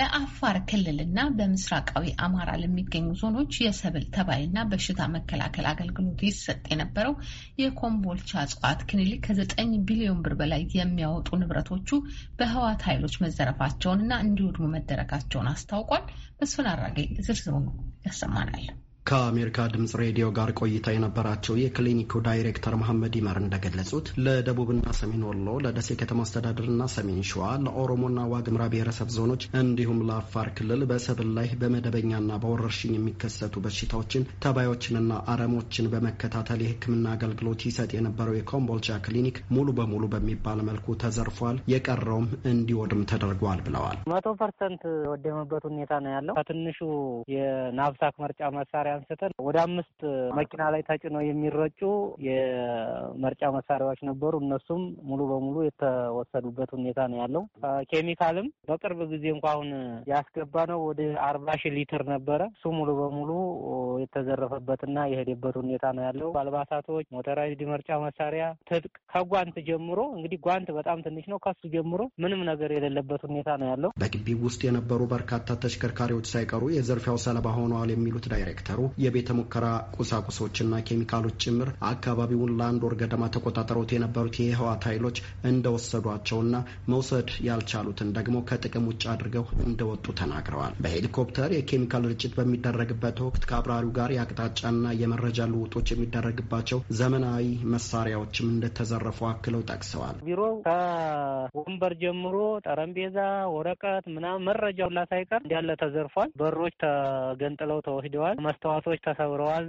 ለአፋር ክልልና በምስራቃዊ አማራ ለሚገኙ ዞኖች የሰብል ተባይና በሽታ መከላከል አገልግሎት ይሰጥ የነበረው የኮምቦልቻ እጽዋት ክሊኒክ ከዘጠኝ ቢሊዮን ብር በላይ የሚያወጡ ንብረቶቹ በህዋት ኃይሎች መዘረፋቸውንና እንዲወድሙ መደረጋቸውን አስታውቋል። መስፍን አራጌ ዝርዝሩን ያሰማናል። ከአሜሪካ ድምፅ ሬዲዮ ጋር ቆይታ የነበራቸው የክሊኒኩ ዳይሬክተር መሐመድ ይመር እንደገለጹት ለደቡብና ሰሜን ወሎ፣ ለደሴ ከተማ አስተዳደርና ሰሜን ሸዋ፣ ለኦሮሞና ዋግምራ ብሔረሰብ ዞኖች እንዲሁም ለአፋር ክልል በሰብል ላይ በመደበኛና በወረርሽኝ የሚከሰቱ በሽታዎችን ተባዮችንና አረሞችን በመከታተል የሕክምና አገልግሎት ይሰጥ የነበረው የኮምቦልቻ ክሊኒክ ሙሉ በሙሉ በሚባል መልኩ ተዘርፏል፣ የቀረውም እንዲወድም ተደርጓል ብለዋል። መቶ ፐርሰንት የወደመበት ሁኔታ ነው ያለው። ከትንሹ የናብሳክ መርጫ መሳሪያ መሳሪያ አንስተን ወደ አምስት መኪና ላይ ተጭነው የሚረጩ የመርጫ መሳሪያዎች ነበሩ። እነሱም ሙሉ በሙሉ የተወሰዱበት ሁኔታ ነው ያለው። ኬሚካልም በቅርብ ጊዜ እንኳ አሁን ያስገባ ነው ወደ አርባ ሺህ ሊትር ነበረ። እሱ ሙሉ በሙሉ የተዘረፈበትና የሄደበት ሁኔታ ነው ያለው። አልባሳቶች፣ ሞተራይዝድ መርጫ መሳሪያ፣ ትጥቅ ከጓንት ጀምሮ እንግዲህ ጓንት በጣም ትንሽ ነው። ከሱ ጀምሮ ምንም ነገር የሌለበት ሁኔታ ነው ያለው። በግቢ ውስጥ የነበሩ በርካታ ተሽከርካሪዎች ሳይቀሩ የዘርፊያው ሰለባ ሆነዋል የሚሉት ዳይሬክተሩ የነበሩ የቤተ ሙከራ ቁሳቁሶችና ኬሚካሎች ጭምር አካባቢውን ለአንድ ወር ገደማ ተቆጣጠረውት የነበሩት የህወሓት ኃይሎች እንደወሰዷቸውና መውሰድ ያልቻሉትን ደግሞ ከጥቅም ውጭ አድርገው እንደወጡ ተናግረዋል። በሄሊኮፕተር የኬሚካል ርጭት በሚደረግበት ወቅት ከአብራሪው ጋር የአቅጣጫና የመረጃ ልውጦች የሚደረግባቸው ዘመናዊ መሳሪያዎችም እንደተዘረፉ አክለው ጠቅሰዋል። ቢሮ ከወንበር ጀምሮ ጠረጴዛ፣ ወረቀት ምናምን መረጃው ላ ሳይቀር እንዳለ ተዘርፏል። በሮች ተገንጥለው ተወስደዋል። መስታወቶች ተሰብረዋል፣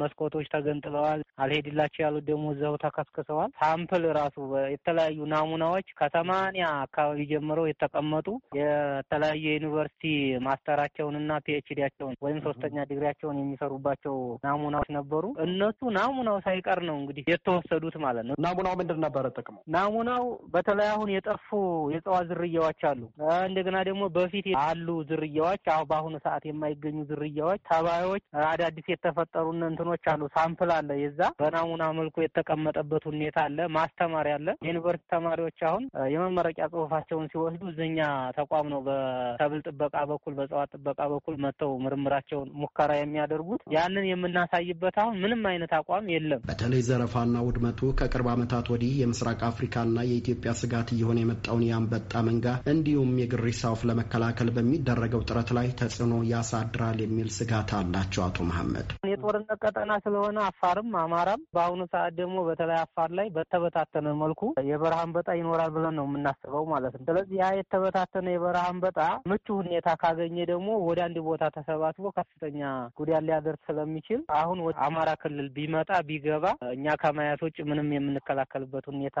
መስኮቶች ተገንጥለዋል። አልሄድላቸው ያሉት ደግሞ እዛው ተከስክሰዋል። ሳምፕል ራሱ የተለያዩ ናሙናዎች ከሰማንያ አካባቢ ጀምረው የተቀመጡ የተለያዩ የዩኒቨርሲቲ ማስተራቸውንና ፒኤችዲያቸውን ወይም ሶስተኛ ዲግሪያቸውን የሚሰሩባቸው ናሙናዎች ነበሩ። እነሱ ናሙናው ሳይቀር ነው እንግዲህ የተወሰዱት ማለት ነው። ናሙናው ምንድን ነበረ ጥቅሙ? ናሙናው በተለይ አሁን የጠፉ የእጽዋት ዝርያዎች አሉ። እንደገና ደግሞ በፊት አሉ ዝርያዎች፣ በአሁኑ ሰዓት የማይገኙ ዝርያዎች፣ ተባዮች፣ አዳዲስ የተፈጠሩ እንትኖች አሉ። ሳምፕል አለ የዛ በናሙና መልኩ የተቀመጠበት ሁኔታ አለ። ማስተማሪ አለ። የዩኒቨርሲቲ ተማሪዎች አሁን የመመረቂያ ጽሁፋቸውን ሲወስዱ እዝኛ ተቋም ነው በሰብል ጥበቃ በኩል በእጽዋት ጥበቃ በኩል መጥተው ምርምራቸውን ሙከራ የሚያደርጉት ያንን የምናሳይበት አሁን ምንም አይነት አቋም የለም። በተለይ ዘረፋና ውድመቱ ከቅርብ ዓመታት ወዲህ የምስራቅ አፍሪካና የኢትዮጵያ ስጋት እየሆነ የመጣውን የአንበጣ መንጋ እንዲሁም የግሪሳ ወፍ ለመከላከል በሚደረገው ጥረት ላይ ተጽዕኖ ያሳድራል የሚል ስጋት አላቸው። አቶ መሐመድ የጦርነት ቀጠና ስለሆነ አፋርም አማራም በአሁኑ ሰዓት ደግሞ በተለይ አፋር ላይ በተበታተነ መልኩ የበረሃ አንበጣ ይኖራል ብለን ነው የምናስበው ማለት ነው። ስለዚህ ያ የተበታተነ የበረሃ አንበጣ ምቹ ሁኔታ ካገኘ ደግሞ ወደ አንድ ቦታ ተሰባስቦ ከፍተኛ ጉዳት ሊያደርስ ስለሚችል አሁን ወደ አማራ ክልል ቢመጣ ቢገባ እኛ ከማያት ውጭ ምንም የምንከላከልበት ሁኔታ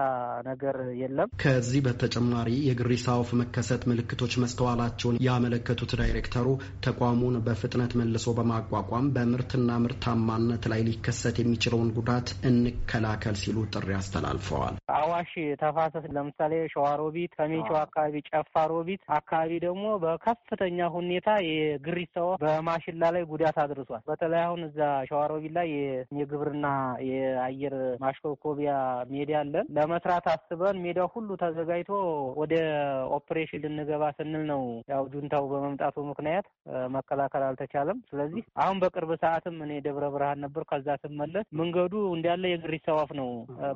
ነገር የለም። ከዚህ በተጨማሪ የግሪሳ ወፍ መከሰት ምልክቶች መስተዋላቸውን ያመለከቱት ዳይሬክተሩ ተቋሙን በፍጥነት መልሶ በማቋቋም በምርትና ምርት ምርታማነት ላይ ሊከሰት የሚችለውን ጉዳት እንከላከል ሲሉ ጥሪ አስተላልፈዋል። አዋሽ ተፋሰስ ለምሳሌ ሸዋሮቢት፣ ሰሜንሸዋ አካባቢ ጨፋሮቢት አካባቢ ደግሞ በከፍተኛ ሁኔታ የግሪሳ በማሽላ ላይ ጉዳት አድርሷል። በተለይ አሁን እዛ ሸዋሮቢት ላይ የግብርና የአየር ማሽኮኮቢያ ሜዳ አለን ለመስራት አስበን ሜዳ ሁሉ ተዘጋጅቶ ወደ ኦፕሬሽን ልንገባ ስንል ነው ያው ጁንታው በመምጣቱ ምክንያት መከላከል አልተቻለም። ስለዚህ አሁን በቅርብ ሰዓትም እኔ እኔ ደብረ ብርሃን ነበር። ከዛ ስመለስ መንገዱ እንዳለ የግሪሳ ዋፍ ነው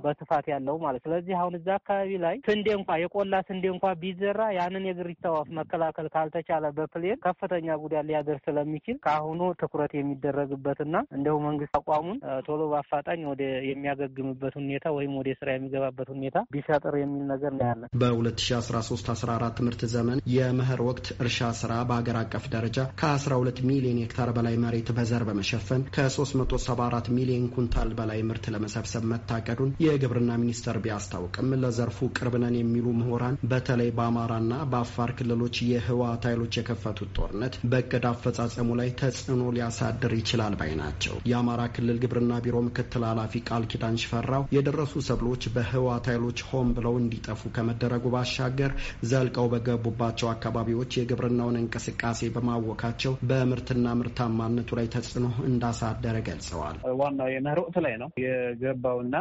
በስፋት ያለው ማለት። ስለዚህ አሁን እዛ አካባቢ ላይ ስንዴ እንኳ የቆላ ስንዴ እንኳ ቢዘራ ያንን የግሪሳ ዋፍ መከላከል ካልተቻለ በፕሌን ከፍተኛ ጉዳት ሊያደርስ ስለሚችል ከአሁኑ ትኩረት የሚደረግበትና እንደው መንግስት አቋሙን ቶሎ በአፋጣኝ ወደ የሚያገግምበት ሁኔታ ወይም ወደ ስራ የሚገባበት ሁኔታ ቢፈጥር የሚል ነገር እናያለን። በ2013 14 ምርት ዘመን የመኸር ወቅት እርሻ ስራ በሀገር አቀፍ ደረጃ ከ12 ሚሊዮን ሄክታር በላይ መሬት በዘር በመሸፈን ከ374 ሚሊዮን ኩንታል በላይ ምርት ለመሰብሰብ መታቀዱን የግብርና ሚኒስቴር ቢያስታውቅም ለዘርፉ ቅርብ ነን የሚሉ ምሁራን በተለይ በአማራና በአፋር ክልሎች የህወሓት ኃይሎች የከፈቱት ጦርነት በእቅድ አፈጻጸሙ ላይ ተጽዕኖ ሊያሳድር ይችላል ባይ ናቸው። የአማራ ክልል ግብርና ቢሮ ምክትል ኃላፊ ቃል ኪዳን ሽፈራው የደረሱ ሰብሎች በህወሓት ኃይሎች ሆን ብለው እንዲጠፉ ከመደረጉ ባሻገር ዘልቀው በገቡባቸው አካባቢዎች የግብርናውን እንቅስቃሴ በማወካቸው በምርትና ምርታማነቱ ላይ ተጽዕኖ እንዳ እንዳሳደረ ገልጸዋል። ዋናው የመኸር ወቅት ላይ ነው የገባውና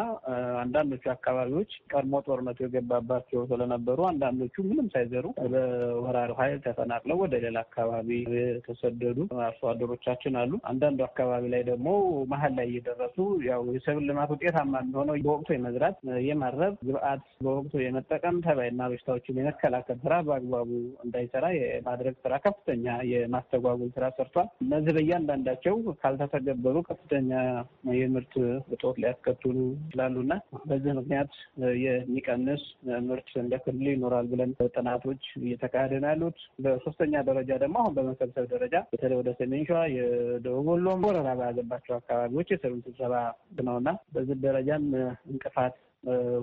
አንዳንዶቹ አካባቢዎች ቀድሞ ጦርነቱ የገባባቸው ስለነበሩ አንዳንዶቹ ምንም ሳይዘሩ በወራሪ ኃይል ተፈናቅለው ወደ ሌላ አካባቢ የተሰደዱ አርሶ አደሮቻችን አሉ። አንዳንዱ አካባቢ ላይ ደግሞ መሀል ላይ እየደረሱ ያው የሰብል ልማት ውጤታማ የሚሆነው በወቅቱ የመዝራት የማረብ ግብአት በወቅቱ የመጠቀም ተባይና በሽታዎችን የመከላከል ስራ በአግባቡ እንዳይሰራ የማድረግ ስራ ከፍተኛ የማስተጓጉል ስራ ሰርቷል። እነዚህ በእያንዳንዳቸው ካልተፈ ካልገበሩ ከፍተኛ የምርት እጦት ሊያስከትሉ ይችላሉና በዚህ ምክንያት የሚቀንስ ምርት እንደ ክልል ይኖራል ብለን ጥናቶች እየተካሄደ ነው ያሉት። በሶስተኛ ደረጃ ደግሞ አሁን በመሰብሰብ ደረጃ በተለይ ወደ ሰሜን ሸዋ የደቡብ ወሎም ወረራ በያዘባቸው አካባቢዎች የሰሩን ስብሰባ ነውና በዚህ ደረጃም እንቅፋት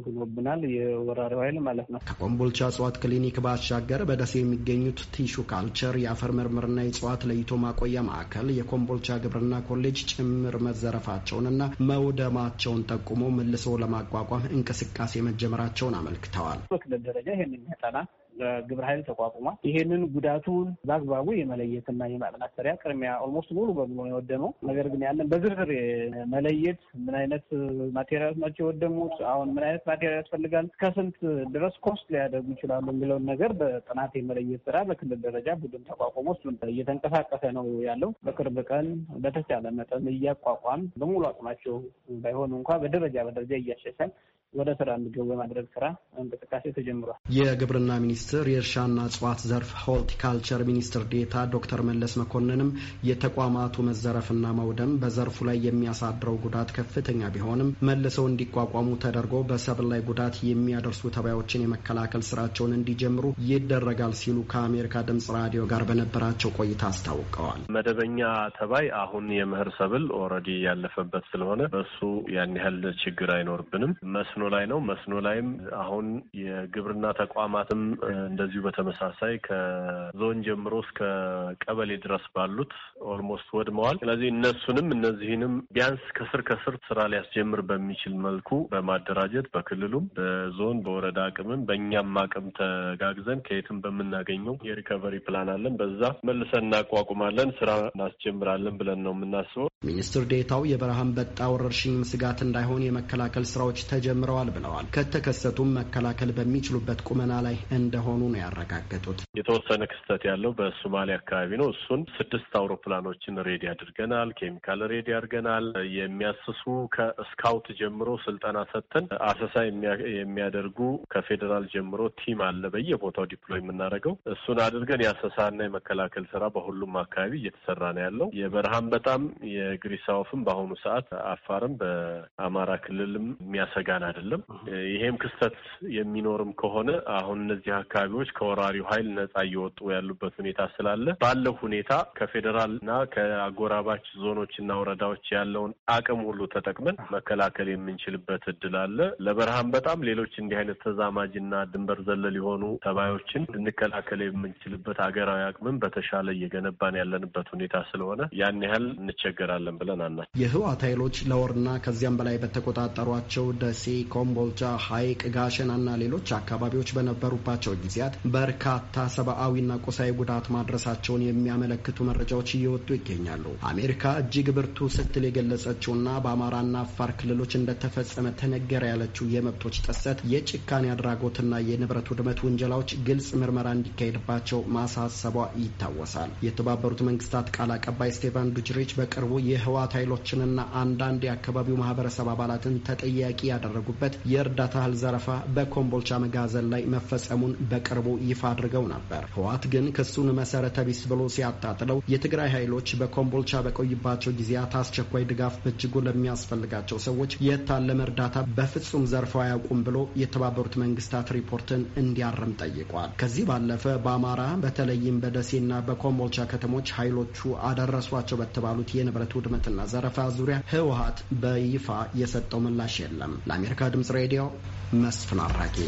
ሆኖብናል። የወራሪው ኃይል ማለት ነው። ከኮምቦልቻ እጽዋት ክሊኒክ ባሻገር በደሴ የሚገኙት ቲሹ ካልቸር የአፈር ምርምርና የእጽዋት ለይቶ ማቆያ ማዕከል፣ የኮምቦልቻ ግብርና ኮሌጅ ቤቶች ጭምር መዘረፋቸውንና መውደማቸውን ጠቁሞ መልሶ ለማቋቋም እንቅስቃሴ መጀመራቸውን አመልክተዋል። በክልል ደረጃ ይህንን የሚያጠና ግብረ ኃይል ተቋቁሟል። ይሄንን ጉዳቱን በአግባቡ የመለየትና የማጠናከሪያ ቅድሚያ ኦልሞስት ሙሉ በሙሉ ነው የወደመው። ነገር ግን ያለን በዝርዝር መለየት ምን አይነት ማቴሪያል ናቸው የወደሙት፣ አሁን ምን አይነት ማቴሪያል ያስፈልጋል፣ ከስንት ድረስ ኮስት ሊያደርጉ ይችላሉ የሚለውን ነገር በጥናት የመለየት ስራ በክልል ደረጃ ቡድን ተቋቁሞ እየተንቀሳቀሰ ነው ያለው። በቅርብ ቀን በተቻለ መጠን እያቋቋም በሙሉ አቅማቸው ባይሆኑ እንኳ በደረጃ በደረጃ እያሻሻል ወደ ስራ እንዲገቡ የማድረግ ስራ እንቅስቃሴ ተጀምሯል። የግብርና ሚኒስቴር የእርሻና እጽዋት ዘርፍ ሆርቲካልቸር ሚኒስትር ዴታ ዶክተር መለስ መኮንንም የተቋማቱ መዘረፍና መውደም በዘርፉ ላይ የሚያሳድረው ጉዳት ከፍተኛ ቢሆንም መልሰው እንዲቋቋሙ ተደርጎ በሰብል ላይ ጉዳት የሚያደርሱ ተባዮችን የመከላከል ስራቸውን እንዲጀምሩ ይደረጋል ሲሉ ከአሜሪካ ድምጽ ራዲዮ ጋር በነበራቸው ቆይታ አስታውቀዋል። መደበኛ ተባይ አሁን የምህር ሰብል ኦልሬዲ ያለፈበት ስለሆነ በሱ ያን ያህል ችግር አይኖርብንም መስኖ ላይ ነው። መስኖ ላይም አሁን የግብርና ተቋማትም እንደዚሁ በተመሳሳይ ከዞን ጀምሮ እስከ ቀበሌ ድረስ ባሉት ኦልሞስት ወድመዋል። ስለዚህ እነሱንም እነዚህንም ቢያንስ ከስር ከስር ስራ ሊያስጀምር በሚችል መልኩ በማደራጀት በክልሉም በዞን በወረዳ አቅምም በእኛም አቅም ተጋግዘን ከየትም በምናገኘው የሪከቨሪ ፕላን አለን። በዛ መልሰን እናቋቁማለን፣ ስራ እናስጀምራለን ብለን ነው የምናስበው። ሚኒስትር ዴታው የበረሃ አንበጣ ወረርሽኝ ስጋት እንዳይሆን የመከላከል ስራዎች ተጀምረዋል ብለዋል። ከተከሰቱም መከላከል በሚችሉበት ቁመና ላይ እንደሆኑ ነው ያረጋገጡት። የተወሰነ ክስተት ያለው በሶማሌ አካባቢ ነው። እሱን ስድስት አውሮፕላኖችን ሬዲ አድርገናል፣ ኬሚካል ሬዲ አድርገናል። የሚያስሱ ከስካውት ጀምሮ ስልጠና ሰጥተን አሰሳ የሚያደርጉ ከፌዴራል ጀምሮ ቲም አለ በየቦታው ዲፕሎይ የምናደርገው እሱን አድርገን የአሰሳና የመከላከል ስራ በሁሉም አካባቢ እየተሰራ ነው ያለው የበረሃን በጣም ግሪሳውፍም በአሁኑ ሰዓት አፋርም በአማራ ክልልም የሚያሰጋን አይደለም። ይሄም ክስተት የሚኖርም ከሆነ አሁን እነዚህ አካባቢዎች ከወራሪው ኃይል ነጻ እየወጡ ያሉበት ሁኔታ ስላለ ባለው ሁኔታ ከፌዴራል እና ከአጎራባች ዞኖች እና ወረዳዎች ያለውን አቅም ሁሉ ተጠቅመን መከላከል የምንችልበት እድል አለ። ለበረሃም በጣም ሌሎች እንዲህ አይነት ተዛማጅና ድንበር ዘለል የሆኑ ተባዮችን ልንከላከል የምንችልበት ሀገራዊ አቅምን በተሻለ እየገነባን ያለንበት ሁኔታ ስለሆነ ያን ያህል እንቸገራለን እንችላለን ብለን አና የህወሓት ኃይሎች ለወርና ከዚያም በላይ በተቆጣጠሯቸው ደሴ፣ ኮምቦልቻ፣ ሐይቅ፣ እና ሌሎች አካባቢዎች በነበሩባቸው ጊዜያት በርካታ ሰብአዊና ቁሳዊ ጉዳት ማድረሳቸውን የሚያመለክቱ መረጃዎች እየወጡ ይገኛሉ። አሜሪካ እጅግ ብርቱ ስትል የገለጸችውና በአማራና አፋር ክልሎች እንደተፈጸመ ተነገረ ያለችው የመብቶች ጥሰት፣ የጭካኔ አድራጎትና የንብረት ውድመት ውንጀላዎች ግልጽ ምርመራ እንዲካሄድባቸው ማሳሰቧ ይታወሳል። የተባበሩት መንግስታት ቃል አቀባይ ስቴቫን ዱጅሪች በቅርቡ የህወሓት ኃይሎችንና አንዳንድ የአካባቢው ማህበረሰብ አባላትን ተጠያቂ ያደረጉበት የእርዳታ እህል ዘረፋ በኮምቦልቻ መጋዘን ላይ መፈጸሙን በቅርቡ ይፋ አድርገው ነበር። ህወሓት ግን ክሱን መሰረተ ቢስ ብሎ ሲያጣጥለው የትግራይ ኃይሎች በኮምቦልቻ በቆይባቸው ጊዜያት አስቸኳይ ድጋፍ በእጅጉ ለሚያስፈልጋቸው ሰዎች የታለመ እርዳታ በፍጹም ዘርፈው አያውቁም ብሎ የተባበሩት መንግስታት ሪፖርትን እንዲያርም ጠይቋል። ከዚህ ባለፈ በአማራ በተለይም በደሴና በኮምቦልቻ ከተሞች ኃይሎቹ አደረሷቸው በተባሉት የንብረት መሬት ውድመትና ዘረፋ ዙሪያ ህወሀት በይፋ የሰጠው ምላሽ የለም። ለአሜሪካ ድምጽ ሬዲዮ መስፍን አራጌ